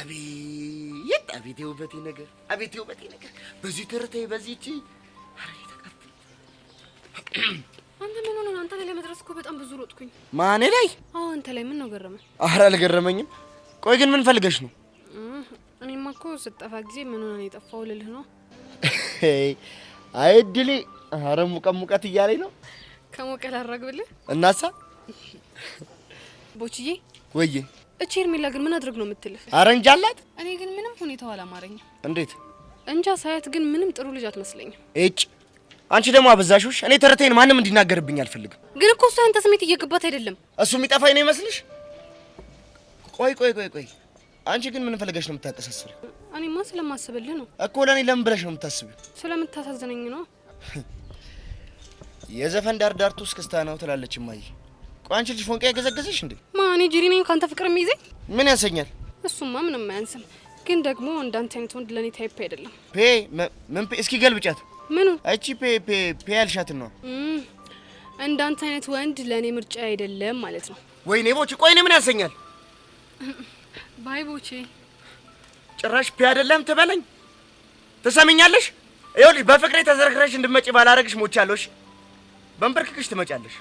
አቤት አቤት የውበቴ ነገር አቤት የውበቴ ነገር በዚህ ትርቴ በዚህች አንተ ምን ሆነ አንተ ላይ ለመድረስ እኮ በጣም ብዙ ሮጥኩኝ ማኔ ላይ አዎ አንተ ላይ ምን ነው ገረመ? አረ አልገረመኝም ቆይ ግን ምን ፈልገሽ ነው እኔማ እኮ ስጠፋ ጊዜ ምን ሆነ የጠፋው ልልህ ነው አይ እድሌ አረ ሙቀት ሙቀት እያለኝ ነው ከሞቀ ላረግብልህ እናሳ ቦችዬ ወይዬ እቺ ሄርሜላ ግን ምን አድርግ ነው የምትልህ? አረ እንጃ አላት። እኔ ግን ምንም ሁኔታው አላማረኝም። እንዴት እንጃ ሳያት ግን ምንም ጥሩ ልጅ አትመስለኝም። እጭ አንቺ ደግሞ አበዛሽሽ። እኔ ተረቴን ማንም እንዲናገርብኝ አልፈልግም። ግን እኮ እሷ አንተ ስሜት እየገባት አይደለም። እሱ የሚጠፋኝ ነው ይመስልሽ? ቆይ ቆይ ቆይ ቆይ አንቺ ግን ምን ፈልገሽ ነው የምታቀሳስሪ? እኔማ ስለማስብልህ ነው እኮ። ለእኔ ለምን ብለሽ ነው የምታስቢው? ስለምታሳዝነኝ ነው። የዘፈን ዳር ዳርቱ እስክስታ ነው ትላለች እማዬ። አንቺ ልጅ ፎንቃ ያገዘገዘሽ እንዴ? ማን ጅሪ ነኝ ካንተ ፍቅር የሚይዘኝ ምን ያሰኛል? እሱማ ምንም አያንስም፣ ግን ደግሞ እንዳንተ አይነት ወንድ ለእኔ ታይፕ አይደለም። ፔ ምን ፔ? እስኪ ገልብጫት። ምኑ? እቺ ፔ ፔ ፔ ያልሻትን ነው። እንዳንተ አይነት ወንድ ለኔ ምርጫ አይደለም ማለት ነው። ወይኔ ቦቼ፣ ቆይኔ ምን ያሰኛል? ባይ ቦቼ፣ ጭራሽ ፔ አይደለም ትበለኝ። ትሰሚኛለሽ? ይኸውልሽ፣ በፍቅሬ ተዘረክረሽ እንድመጪ ባላረግሽ ሞቻለሽ። በንበርክክሽ ትመጫለሽ።